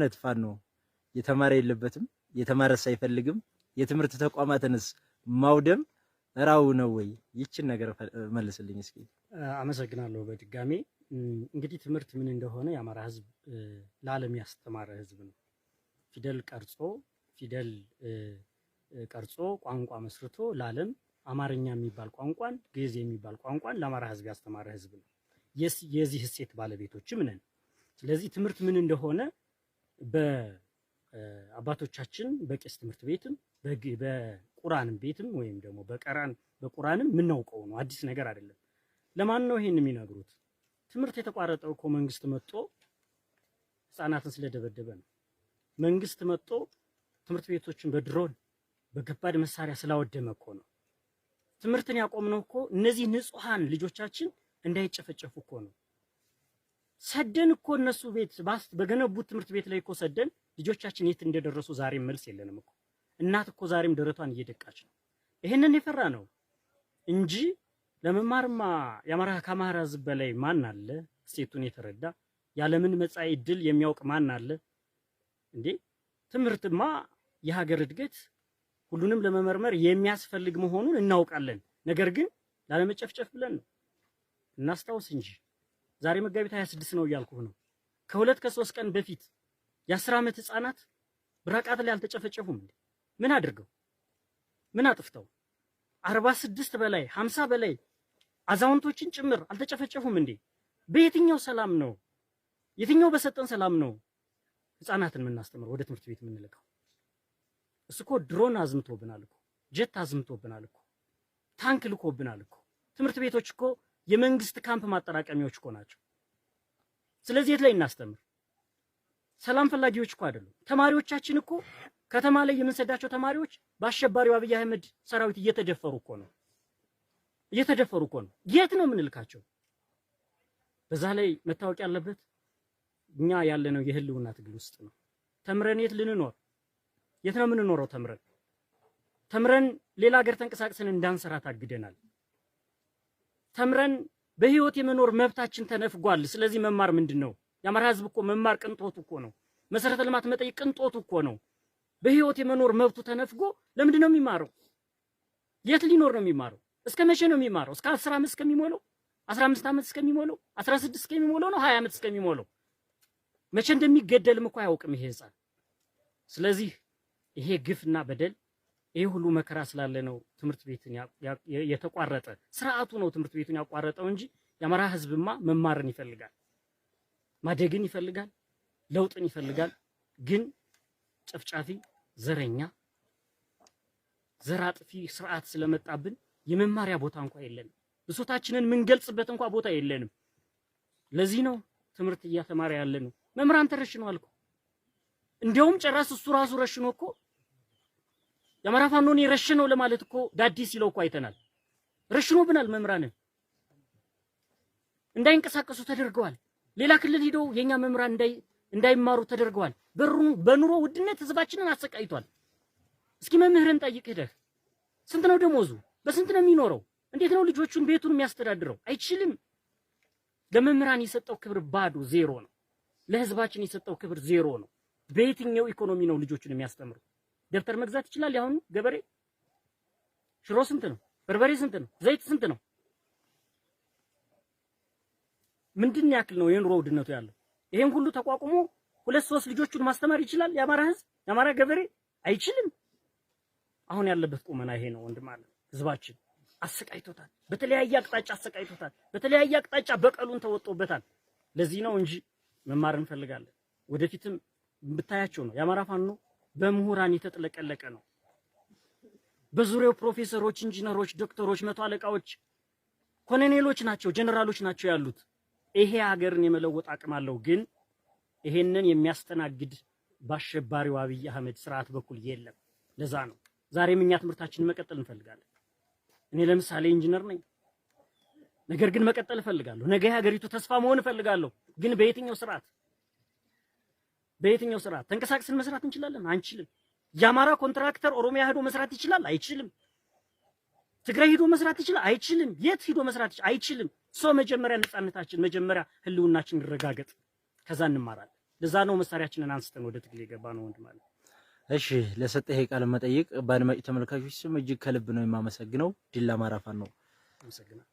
እውነት ፋኖ የተማረ የለበትም፣ የተማረስ አይፈልግም። የትምህርት ተቋማትንስ ማውደም ራው ነው ወይ? ይችን ነገር መልስልኝ እስኪ። አመሰግናለሁ በድጋሜ እንግዲህ ትምህርት ምን እንደሆነ የአማራ ህዝብ ለዓለም ያስተማረ ህዝብ ነው። ፊደል ቀርጾ ፊደል ቀርጾ ቋንቋ መስርቶ ለዓለም አማርኛ የሚባል ቋንቋን ግዕዝ የሚባል ቋንቋን ለአማራ ህዝብ ያስተማረ ህዝብ ነው። የዚህ እሴት ባለቤቶችም ነን። ስለዚህ ትምህርት ምን እንደሆነ በአባቶቻችን በቄስ ትምህርት ቤትም በቁራንም ቤትም ወይም ደግሞ በቀራን በቁራንም የምናውቀው ነው። አዲስ ነገር አይደለም። ለማን ነው ይሄን የሚነግሩት? ትምህርት የተቋረጠው እኮ መንግስት መጥቶ ህፃናትን ስለደበደበ ነው። መንግስት መጥቶ ትምህርት ቤቶችን በድሮን በከባድ መሳሪያ ስላወደመ እኮ ነው። ትምህርትን ያቆምነው እኮ እነዚህ ንጹሐን ልጆቻችን እንዳይጨፈጨፉ እኮ ነው። ሰደን እኮ እነሱ ቤት ባስ በገነቡት ትምህርት ቤት ላይ እኮ ሰደን ልጆቻችን የት እንደደረሱ ዛሬም መልስ የለንም እኮ። እናት እኮ ዛሬም ደረቷን እየደቃች ነው። ይሄንን የፈራ ነው እንጂ ለመማርማ የአማራ ከአማራ ህዝብ በላይ ማን አለ? ሴቱን የተረዳ ያለምን መጻኢ ዕድል የሚያውቅ ማን አለ እንዴ? ትምህርትማ የሀገር እድገት ሁሉንም ለመመርመር የሚያስፈልግ መሆኑን እናውቃለን። ነገር ግን ላለመጨፍጨፍ ብለን ነው። እናስታውስ እንጂ ዛሬ መጋቢት 26 ነው እያልኩህ ነው። ከሁለት ከሶስት ቀን በፊት የአስር ዓመት ህፃናት ብራቃት ላይ አልተጨፈጨፉም እንዴ? ምን አድርገው ምን አጥፍተው 46 በላይ 50 በላይ አዛውንቶችን ጭምር አልተጨፈጨፉም እንዴ? በየትኛው ሰላም ነው የትኛው በሰጠን ሰላም ነው ህፃናትን የምናስተምረው ወደ ትምህርት ቤት የምንልቀው? እሱ እኮ ድሮን አዝምቶብናል እኮ ጀት አዝምቶብናል እኮ ታንክ ልኮብናል እኮ ትምህርት ቤቶች እኮ የመንግስት ካምፕ ማጠራቀሚያዎች እኮ ናቸው። ስለዚህ የት ላይ እናስተምር? ሰላም ፈላጊዎች እኮ አይደሉም። ተማሪዎቻችን እኮ ከተማ ላይ የምንሰዳቸው ተማሪዎች በአሸባሪው አብይ አህመድ ሰራዊት እየተደፈሩ እኮ ነው እየተደፈሩ እኮ ነው። የት ነው የምንልካቸው? በዛ ላይ መታወቅ ያለበት እኛ ያለነው የህልውና ትግል ውስጥ ነው። ተምረን የት ልንኖር? የት ነው የምንኖረው? ተምረን ተምረን ሌላ ሀገር ተንቀሳቅሰን እንዳንሰራ ታግደናል። ተምረን በህይወት የመኖር መብታችን ተነፍጓል። ስለዚህ መማር ምንድን ነው? የአማራ ህዝብ እኮ መማር ቅንጦቱ እኮ ነው። መሰረተ ልማት መጠየቅ ቅንጦቱ እኮ ነው። በህይወት የመኖር መብቱ ተነፍጎ ለምንድን ነው የሚማረው? የት ሊኖር ነው የሚማረው? እስከ መቼ ነው የሚማረው? እስከ 10 ዓመት 15 ዓመት እስከሚሞለው 16 እስከሚሞለው ነው 20 ዓመት እስከሚሞለው መቼ እንደሚገደልም እኮ አያውቅም ይሄ ህፃን። ስለዚህ ይሄ ግፍና በደል ይህ ሁሉ መከራ ስላለ ነው ትምህርት ቤትን የተቋረጠ። ስርዓቱ ነው ትምህርት ቤቱን ያቋረጠው እንጂ የአማራ ህዝብማ መማርን ይፈልጋል፣ ማደግን ይፈልጋል፣ ለውጥን ይፈልጋል። ግን ጨፍጫፊ፣ ዘረኛ፣ ዘር አጥፊ ስርዓት ስለመጣብን የመማሪያ ቦታ እንኳ የለንም። ብሶታችንን ምንገልጽበት እንኳ ቦታ የለንም። ለዚህ ነው ትምህርት እያተማረ ያለ ነው። መምህራን ተረሽነዋል እኮ እንዲያውም ጨራስ እሱ ራሱ ረሽኖ እኮ የአማራ ፋኖን የረሸነው ለማለት እኮ ዳዲስ ሲለው እኮ አይተናል። ረሽኖ ብናል። መምህራንን እንዳይንቀሳቀሱ ተደርገዋል። ሌላ ክልል ሂደው የኛ መምህራን እንዳይማሩ ተደርገዋል። በኑሮ ውድነት ህዝባችንን አሰቃይቷል። እስኪ መምህርን ጠይቅ ሂደህ ስንት ነው ደሞዙ? በስንት ነው የሚኖረው? እንዴት ነው ልጆቹን ቤቱን የሚያስተዳድረው? አይችልም። ለመምህራን የሰጠው ክብር ባዶ ዜሮ ነው። ለህዝባችን የሰጠው ክብር ዜሮ ነው። በየትኛው ኢኮኖሚ ነው ልጆቹን የሚያስተምሩ? ደብተር መግዛት ይችላል? ያሁኑ ገበሬ ሽሮ ስንት ነው? በርበሬ ስንት ነው? ዘይት ስንት ነው? ምንድን ያክል ነው የኑሮ ውድነቱ ያለው? ይሄን ሁሉ ተቋቁሞ ሁለት ሶስት ልጆቹን ማስተማር ይችላል የአማራ ህዝብ፣ የአማራ ገበሬ አይችልም። አሁን ያለበት ቁመና ይሄ ነው ወንድም አለ ህዝባችን አሰቃይቶታል። በተለያየ አቅጣጫ አሰቃይቶታል። በተለያየ አቅጣጫ በቀሉን ተወጦበታል። ለዚህ ነው እንጂ መማር እንፈልጋለን። ወደፊትም ብታያቸው ነው የአማራ ፋኖ በምሁራን የተጥለቀለቀ ነው። በዙሪያው ፕሮፌሰሮች፣ ኢንጂነሮች፣ ዶክተሮች፣ መቶ አለቃዎች፣ ኮሎኔሎች ናቸው፣ ጀነራሎች ናቸው ያሉት። ይሄ ሀገርን የመለወጥ አቅም አለው። ግን ይሄንን የሚያስተናግድ በአሸባሪው አብይ አህመድ ስርዓት በኩል የለም። ለዛ ነው ዛሬም እኛ ትምህርታችንን መቀጠል እንፈልጋለን። እኔ ለምሳሌ ኢንጂነር ነኝ፣ ነገር ግን መቀጠል እፈልጋለሁ። ነገ የሀገሪቱ ተስፋ መሆን እፈልጋለሁ። ግን በየትኛው ስርዓት በየትኛው ስራ ተንቀሳቅስን መስራት እንችላለን? አንችልም። የአማራ ኮንትራክተር ኦሮሚያ ሄዶ መስራት ይችላል? አይችልም። ትግራይ ሄዶ መስራት ይችላል? አይችልም። የት ሄዶ መስራት ይችላል? አይችልም። ሰው መጀመሪያ ነፃነታችን፣ መጀመሪያ ህልውናችን እንረጋገጥ፣ ከዛ እንማራለን። ለዛ ነው መሳሪያችንን አንስተን ወደ ትግል የገባ ነው ወንድም አለ። እሺ ለሰጠህ ቃለ መጠይቅ በአድማጭ ተመልካቾች ስም እጅግ ከልብ ነው የማመሰግነው። ድል ፋኖ ነው። አመሰግናለሁ።